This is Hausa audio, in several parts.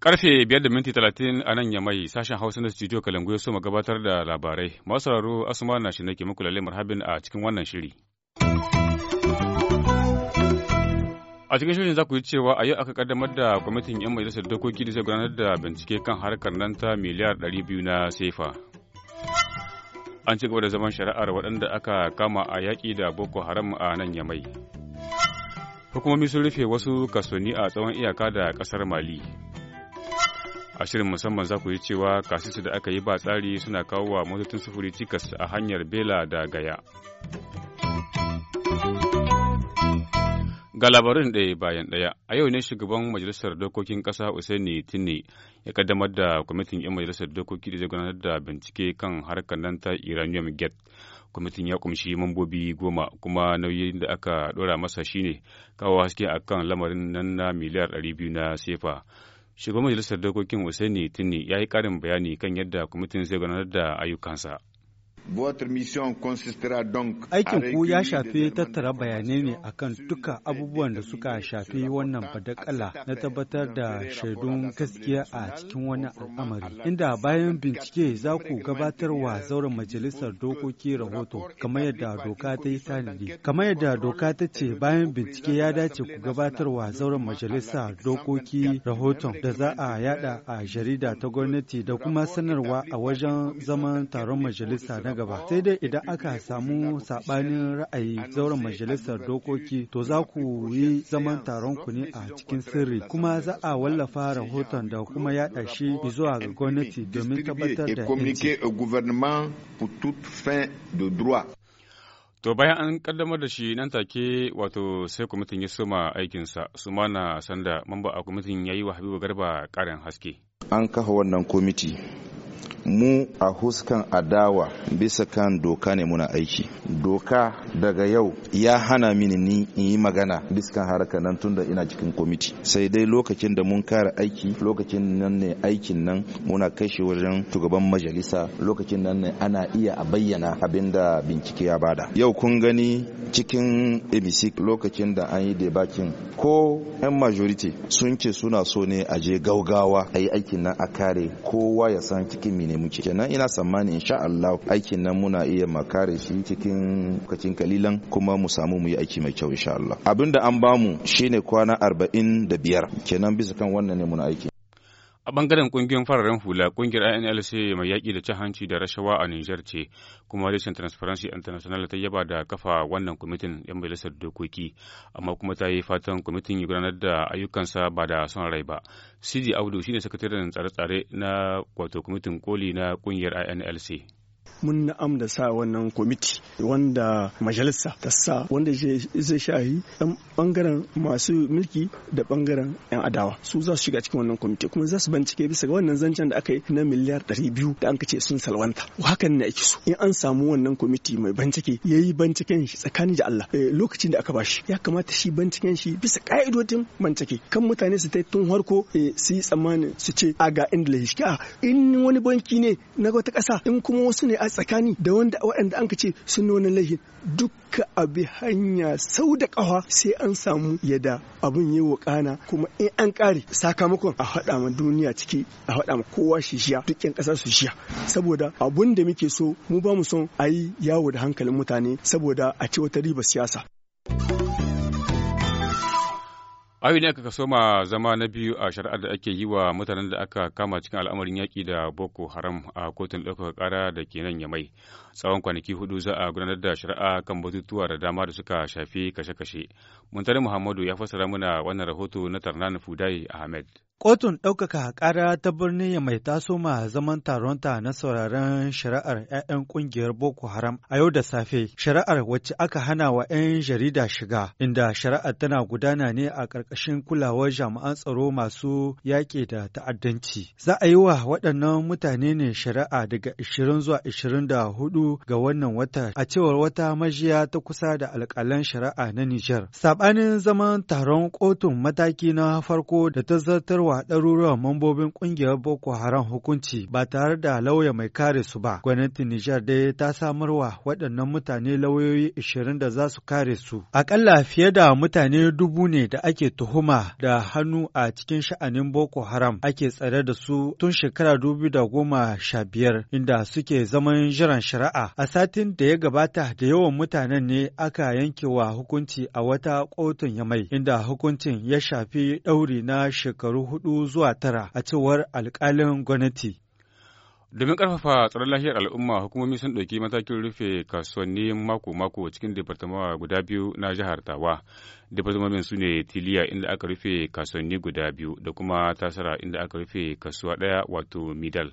Karfe biyar da minti talatin a nan ya mayi sashen Hausa na studio Kalangu ya so mu gabatar da labarai. Masu sauraro Asuma na shi nake muku lalle marhabin a cikin wannan shiri. A cikin shirin za ku yi cewa a yau aka kaddamar da kwamitin 'yan majalisar dokoki da zai gudanar da bincike kan harkar nan ta miliyar 200 na sefa. An ci gaba da zaman shari'ar waɗanda aka kama a yaƙi da Boko Haram a nan Yamai. Hukumomi sun rufe wasu kasoni a tsawon iyaka da ƙasar Mali. A shirin musamman za ku yi cewa kasisu da aka yi ba tsari suna kawo wa motocin sufuri cikas a hanyar Bela da Gaya. Ga labarin ɗaya bayan ɗaya, a yau ne shugaban Majalisar Dokokin Ƙasa Usaini Tinne ya kaddamar da kwamitin 'yan Majalisar Dokoki da zai gudanar da bincike kan harkar nan ta Iranium Gate. Kwamitin ya kumshi mambobi goma kuma nauyin da aka ɗora masa shi ne kawo haske a kan lamarin nan na miliyar ɗari biyu na sefa. Shugaban Majalisar Dokokin Usaini Tinne ya yi ƙarin bayani kan yadda kwamitin zai gudanar da ayyukansa. Aikin ku ya shafi tattara bayanai ne akan duka abubuwan da suka shafi wannan fadakala na tabbatar da shaidun gaskiya a cikin wani al'amari. Inda bayan bincike za ku gabatar wa zauren majalisar dokoki rahoto kamar yadda doka ta yi tanadi. Kamar yadda doka ta ce bayan bincike ya dace ku gabatarwa wa zauren majalisa dokoki rahoton da za a yada a jarida ta gwamnati da kuma sanarwa a wajen zaman taron majalisa na gaba sai dai idan aka samu sabanin ra'ayi zauren majalisar dokoki to za ku yi zaman taron ku ne a cikin sirri kuma za a wallafa rahoton da kuma yada shi zuwa ga gwamnati domin tabbatar da To bayan an kaddamar da shi nan take wato sai kwamitin ya soma aikinsa, Sumana Sanda, mamba a kwamitin ya yi wa Habibu Garba karin haske. An kafa wannan kwamiti mu a huskan adawa bisa kan doka ne muna aiki doka daga yau ya hana mini ni in yi magana biskan harkar nan tunda ina cikin kwamiti sai dai lokacin da mun kara aiki lokacin nan ne aikin nan muna kai shi wajen shugaban majalisa lokacin nan ne ana iya a bayyana abin da bincike ya bada yau kun gani cikin abc lokacin da an yi debakin ko 'yan majority sun ce suna so ne a je gaugawa a yi aikin nan a kare kowa ya san cikin mine muke kenan ina tsammani insha Allah aikin nan muna iya makare shi cikin lokacin kalilan kuma mu samu mu yi aiki mai kyau insha Allah abinda an bamu shine kwana arba'in da biyar. kenan bisa kan wannan ne muna aiki a bangaren kungiyoyin fararen hula kungiyar INLC mai yaƙi da cin hanci da rashawa a Nijar ce kuma reshen Transparency International ta yaba da kafa wannan kwamitin yan majalisar dokoki amma kuma ta yi fatan kwamitin ya gudanar da ayyukansa ba da son rai ba Sidi Audu shine sakataren tsare-tsare na wato kwamitin koli na kungiyar INLC mun na'am da sa wannan kwamiti wanda majalisa ta sa wanda zai shahi dan bangaren masu mulki da bangaren yan adawa su za su shiga cikin wannan kwamiti kuma za su bincike bisa ga wannan zancen da aka yi na miliyar ɗari biyu da an ce sun salwanta hakan na ake so in an samu wannan kwamiti mai bincike yayi yi binciken shi tsakanin da Allah eh, lokacin da aka ba shi ya kamata shi binciken shi bisa ka'idodin bincike kan mutane su ta tun harko eh, su yi tsammanin su ce a ga inda lahishi a ah, in wani banki ne na wata kasa in kuma wasu ne a tsakani da wanda waɗanda an ce sun wani laihin dukka abi hanya sau da ƙawa sai an samu yada abin yi wa ƙana kuma in an ƙare sakamakon a haɗa ma duniya ciki a haɗa ma kowa shi shiya ƴan ƙasa su shiya saboda abun da muke so mu ba mu son a yi yawo da hankalin mutane saboda a ce wata riba siyasa Ayu ne aka soma zama na biyu a shari'ar da ake yi wa mutanen da aka kama cikin al'amarin yaƙi da Boko Haram a kotun ɗaukaka ƙara da ke nan Yamai. Tsawon kwanaki hudu za a gudanar da shari'a kan batutuwa da dama da suka shafi kashe-kashe. Muntari Muhammadu ya fassara mana wannan rahoto na Tarnan Fudai Ahmed. Kotun ɗaukaka ƙara ta birni mai taso ma zaman taronta na sauraron shari'ar 'ya'yan ƙungiyar Boko Haram a yau da safe, shari'ar wacce aka hana wa 'yan jarida shiga, inda shari'ar tana gudana ne a ƙarƙashin kulawar jami'an tsaro masu yaƙi da ta'addanci. Za a yi wa waɗannan mutane ne shari'a daga 20 zuwa 24 ga wannan wata, a cewar wata majiya ta kusa da alƙalan shari'a na Nijar. Saɓanin zaman taron kotun mataki na farko da ta zartar wa ɗaruruwan mambobin ƙungiyar Boko Haram hukunci ba tare da lauya mai kare su ba. Gwamnatin Nijar dai ta samarwa waɗannan mutane lauyoyi ashirin da za su kare su. Aƙalla fiye da mutane dubu ne da ake tuhuma da hannu a cikin sha'anin Boko Haram ake tsare da su tun shekara dubu da goma sha biyar inda suke zaman jiran shari'a. A satin da ya gabata da yawan mutanen ne aka yanke wa hukunci a wata kotun yamai inda hukuncin ya shafi ɗauri na shekaru hudu zuwa tara a cewar alkalin gwamnati. Domin karfafa tsaron lafiyar al'umma hukumomi sun ɗauki matakin rufe kasuwanni mako-mako cikin departamawa guda biyu na jihar Tawa. Departamomin su ne Tiliya inda aka rufe kasuwanni guda biyu da kuma Tasara inda aka rufe kasuwa ɗaya wato Midal.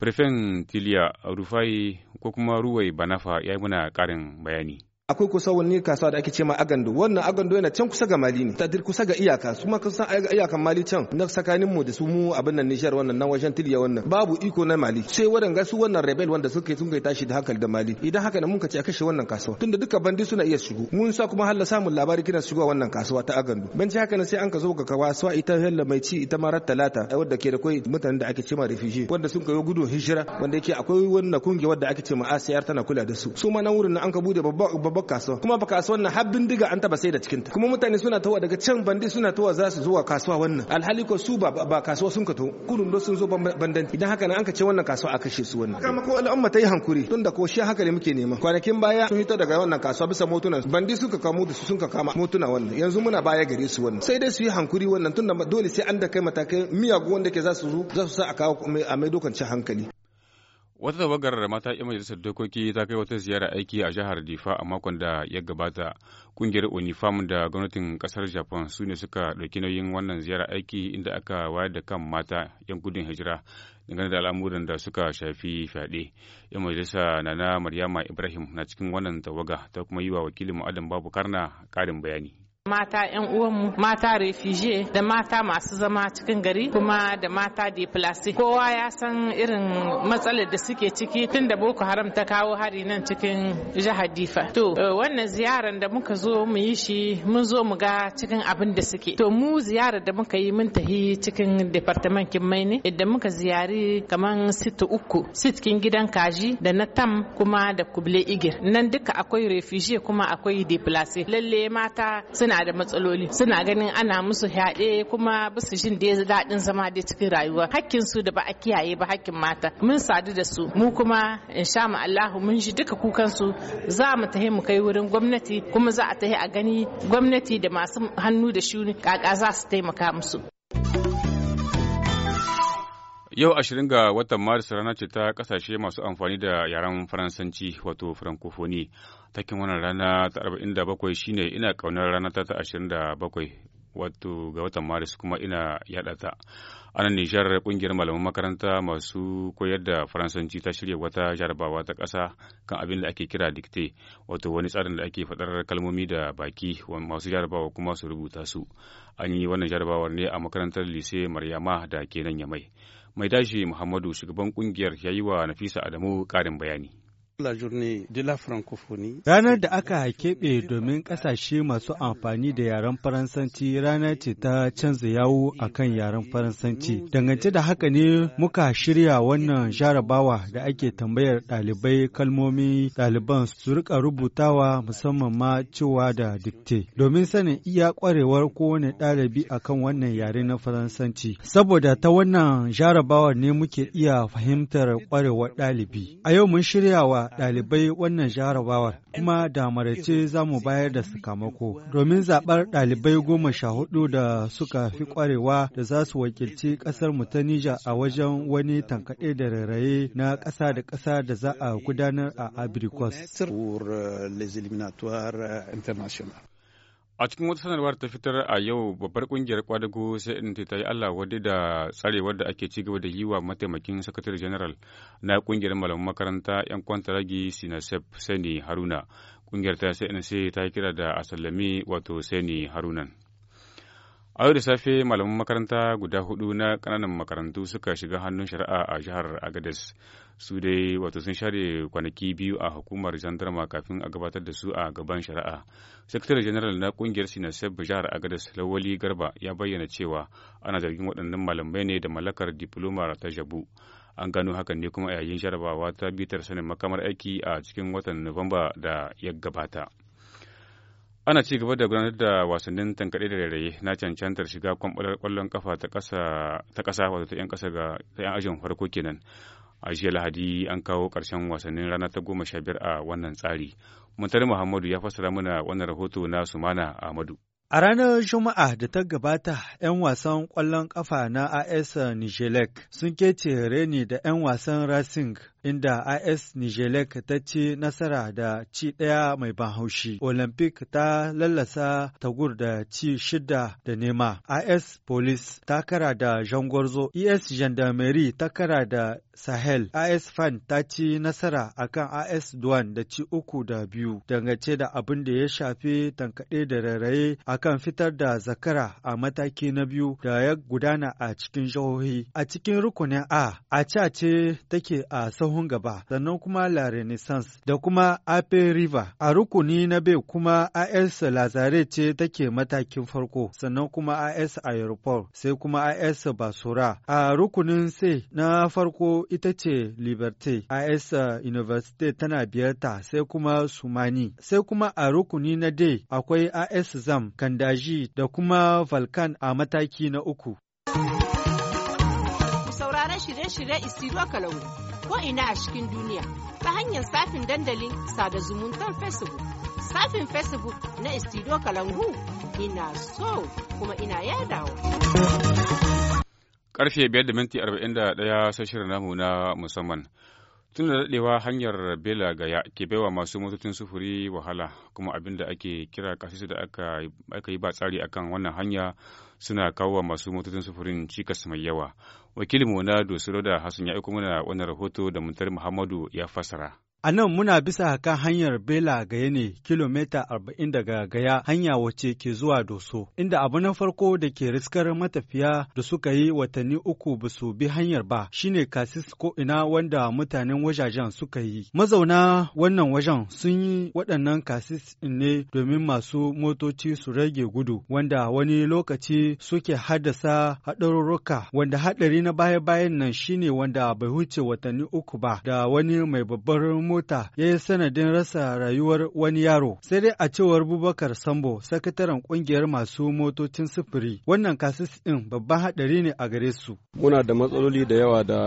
Firfen Tiliya Rufai ko kuma Ruwai Banafa ya yi muna ƙarin bayani. akwai kusa wani kasuwa da ake ce ma agando wannan agando yana can kusa ga mali ne ta kusa ga iyaka su ma kusa iyakan mali can na tsakanin mu da su mu abin nan nishar wannan nan wajen tilya wannan babu iko na mali sai waɗanda su wannan rebel wanda suka sun kai tashi da hankali da mali idan haka ne mun ka ce a kashe wannan kasuwa tunda duka bandi suna iya shigo mun sa kuma halla samun labari kina shigo wannan kasuwa ta agando ban ci haka ne sai an ka zo ga kasuwa ita halla mai ci ita marar talata wanda ke da kai mutanen da ake ce ma refugee wanda sun kai gudun hijira wanda yake akwai wannan kungiya wanda ake ce ma tana kula da su su ma nan wurin an ka bude babba babbar kasuwa kuma ba kasuwar nan har bindiga an taba sai da cikinta kuma mutane suna tawa daga can bandi suna tawa za su zuwa kasuwa wannan alhali ko su ba ba kasuwa sun kato kurun do sun zo bandan idan haka nan an kace wannan kasuwa a kashe su wannan kuma ko al'umma ta yi hankuri da ko shi haka ne muke nema kwanakin baya sun hito daga wannan kasuwa bisa motunan bandi suka kamo da su suka kama motuna wannan yanzu muna baya gare su wannan sai dai su yi hankuri wannan tun da dole sai an da kai matakai miyagu wanda ke za su zo za su sa a kawo a mai dokan hankali Wata tawagar mata 'yan majalisar dokoki ta kai wata ziyara aiki a jihar Difa a makon da ya gabata. Kungiyar Unifam da gwamnatin kasar Japan su ne suka ɗauki nauyin wannan ziyara aiki inda aka wayar da kan mata 'yan gudun hijira dangane da al'amuran da suka shafi fyaɗe. 'Yan majalisa Nana Maryama Ibrahim na cikin wannan tawaga ta kuma yi wa wakilin Adam Babu Karna ƙarin bayani. mata 'yan uwanmu mata refugee da mata masu zama cikin gari kuma da mata deplace kowa ya san irin matsalar da suke ciki tun da boko haram ta kawo hari nan cikin jihar difa to wannan ziyarar da muka zo mu yi shi mun zo mu ga cikin abin da suke to mu ziyarar da muka yi mun tahi cikin departament mai ne idan muka ziyari kamar sit uku sitkin gidan kaji da na tam kuma da kuble igir nan duka akwai refugee kuma akwai deplace lalle mata suna suna da matsaloli suna ganin ana musu yaɗe kuma basu jin da daɗin zama dai cikin rayuwa hakkin su da ba a kiyaye ba hakkin mata mun sadu da su mu kuma insha mu Allahu mun ji duka kukan su za mu tahi mu kai wurin gwamnati kuma za a tahi a gani gwamnati da masu hannu da shuni kaka za su taimaka musu Yau ashirin ga watan Maris rana ce ta kasashe masu amfani da yaren Faransanci wato Francophonie. Takin wannan rana ta arba'in da bakwai shine ina ƙaunar rana ta ta ashirin da bakwai wato ga watan Maris kuma ina yaɗa ta. Ana Nijar ƙungiyar malaman makaranta masu koyar da Faransanci ta shirya wata jarabawa ta ƙasa kan abin da ake kira dikte wato wani tsarin da ake faɗar kalmomi da baki masu jarabawa kuma su rubuta su. An yi wannan jarabawar ne a makarantar Lise Maryama da ke nan Yamai. Mai dashi Muhammadu shugaban kungiyar ya yi wa Nafisa Adamu ƙarin bayani. Ranar da aka keɓe domin ƙasashe masu amfani da yaren Faransanci rana ce ta canza yawo a kan yaren Faransanci. Dangance da haka ne muka shirya wannan jarabawa da ake tambayar ɗalibai kalmomi ɗaliban su rika rubutawa musamman ma cewa da dikte. Domin sanin iya ƙwarewar kowane ɗalibi a kan wannan yare na Faransanci. Saboda ta wannan jarabawa ne muke iya fahimtar ƙwarewar ɗalibi. A yau mun shirya wa dalibai ɗalibai wannan jarabawar kuma da marace za mu bayar da sakamako domin zaɓar ɗalibai goma sha hudu da suka fi ƙwarewa da za su wakilci ƙasar mu ta Nija a wajen wani tankaɗe da rairaye na ƙasa da ƙasa da za a gudanar a abirikos. A cikin wata sanarwar ta fitar a yau babbar kungiyar kwadago sai in ta yi Allah wadda da tsarewar da ake cigaba da yi wa mataimakin sakatare general na kungiyar malaman makaranta 'yan kwanta ragi sinasef sani haruna kungiyar ta sai ta kira da asalami wato sani harunan. A yau da safe malaman makaranta guda hudu na kananan makarantu suka shiga hannun shari'a a jihar Agadez. Su dai wato sun share kwanaki biyu a hukumar jandarma kafin a gabatar da su a gaban shari'a. Sakatare janaral na kungiyar Sinaseb jihar Agadez Lawali Garba ya bayyana cewa ana zargin waɗannan malamai ne da mallakar diploma ta jabu. An gano hakan ne kuma yayin jarabawa ta bitar sanin makamar aiki a cikin watan Nuwamba da ya gabata. ana ci gaba da gudanar da wasannin tankaɗe da rairaye na cancantar shiga kwallon kafa ta kasa wato ta 'yan ƙasa ga ta 'yan ajin farko kenan a jiya lahadi an kawo ƙarshen wasannin rana ta goma sha biyar a wannan tsari muntari muhammadu ya fassara mana wannan rahoto na sumana ahmadu A ranar Juma'a da ta gabata, ‘yan wasan kwallon kafa na AS Nijelek sun kece reni da ‘yan wasan Racing inda IS Nijelek ta ci nasara da ci ɗaya mai ban haushi. Olympic ta lallasa tagur da ci shida da nema. IS Police ta kara da Jangorzo. ES Gendarmerie ta kara da Sahel. IS Fan ta ci nasara akan IS Duan da ci uku da biyu dangace da abin da ya shafi tankaɗe da raraye akan fitar da zakara a mataki na biyu da ya gudana a cikin jihohi. A cikin rukunin A, a ce take a sahu tsohon gaba, sannan kuma La Renaissance da kuma Ape River. A rukuni na bai kuma AS Lazare ce take matakin farko, sannan kuma AS Aeroport, sai kuma AS Basura. A rukunin sai na farko ita ce Liberté, AS University tana biyarta, sai kuma Sumani. Sai kuma a rukuni na dai akwai AS Zam, Kandaji da kuma Valkan a mataki na uku. saurare shirye-shirye Isiro ko ina a cikin duniya ta hanyar safin dandalin sada zumuntar Facebook. Safin Facebook na Istido Kalangu ina so kuma ina yadawa. Karfe 5.41 da namu na musamman. Tun da daɗewa hanyar Bela Gaya ke baiwa masu motocin sufuri wahala kuma abin da ake kira kasisu da aka yi ba tsari akan wannan hanya suna kawo masu motocin sufurin cikas mai yawa. wakilin mu na dosiro da hasan ya aiko mana wannan rahoto da muntar muhammadu ya fassara A nan muna bisa kan hanyar Bela Gaya ne kilomita arba'in daga Gaya hanya wace ke zuwa Doso, inda abu na farko da ke riskar matafiya da suka yi watanni uku ba su bi hanyar ba shine kasis ko ina wanda mutanen wajajen suka yi. Mazauna wannan wajen sun yi waɗannan kasis ne domin masu motoci su rage gudu wanda wani lokaci suke haddasa haɗarurruka wanda haɗari na baya-bayan nan shine wanda bai huce watanni uku ba da wani mai babbar mota ya yi sanadin rasa rayuwar wani yaro. Sai dai a cewar Bubakar Sambo, sakataren ƙungiyar masu motocin sufuri, wannan kasis ɗin babban haɗari ne a gare su. Muna da matsaloli da yawa da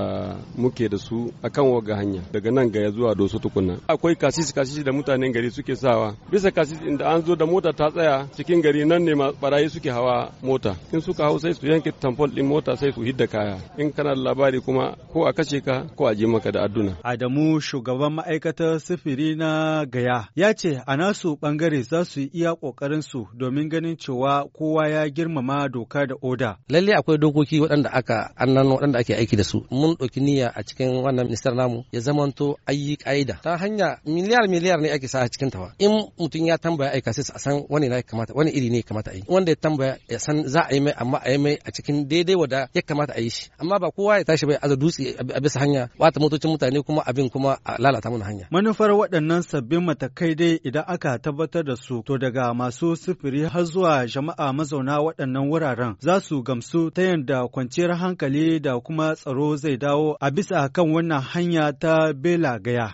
muke da su akan waga hanya daga nan ga zuwa doso tukuna. Akwai kasis kasis da mutanen gari suke sawa. Bisa kasis din da an zo da mota ta tsaya cikin gari nan ne barayi suke hawa mota. In suka hau sai su yanke tamfol din mota sai su hidda kaya. In kana labari kuma ko a kashe ka ko a je maka da adduna. Adamu shugaban ma'aikata ma'aikatar sifiri na gaya ya ce a nasu ɓangare za su yi iya ƙoƙarinsu domin ganin cewa kowa ya girmama doka da oda. Lalle akwai dokoki waɗanda aka annan waɗanda ake aiki da su. Mun ɗauki niyya a cikin wannan ministar namu ya zamanto ayi ƙa'ida. Ta hanya miliyar miliyar ne ake sa a cikin tawa. In mutum ya tambaya aika sai a san wani na kamata wani iri ne kamata a yi. Wanda ya tambaya ya san za a yi mai amma a yi mai a cikin daidai wada ya kamata a yi shi. Amma ba kowa ya tashi bai aza dutse a bisa hanya bata motocin mutane kuma abin kuma a lalata mana hanya. Manufar waɗannan sabbin matakai dai idan aka tabbatar da su to daga masu sufuri har zuwa jama'a mazauna waɗannan wuraren za su gamsu ta yadda kwanciyar hankali da kuma tsaro zai dawo a bisa kan wannan hanya ta Bela Gaya.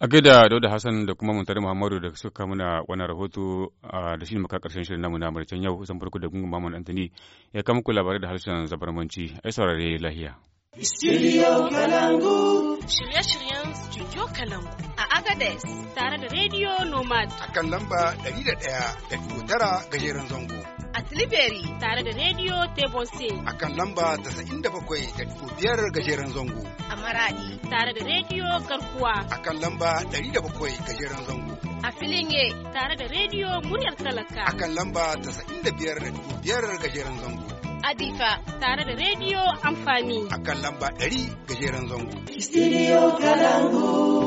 A gaida Dauda Hassan da kuma Muntari Muhammadu da suka mana wannan rahoto da shi maka karshen shirin namu na Maricen yau zan farko da gungun mamman Antani ya kama ku labarai da harshen zabarmanci ai saurare lahiya. Studio Kalangu. Shirye-shiryen Studio Kalangu. A Agadez. tare da Radio Nomad. A kan lamba 101.9 gajeren zango. A Tilibiri tare da Radio Tebose. A kan lamba 97.5 gajeren zango. A Maradi tare da Radio Garkuwa. A kan lamba 107 gajeren zango. A Filinge tare da Radio Muryar Talaka. A kan lamba 95.5 gajeren zango. Adifa tare da rediyo amfani. A kan lamba 100 gajeren zango. Studio Kalangu.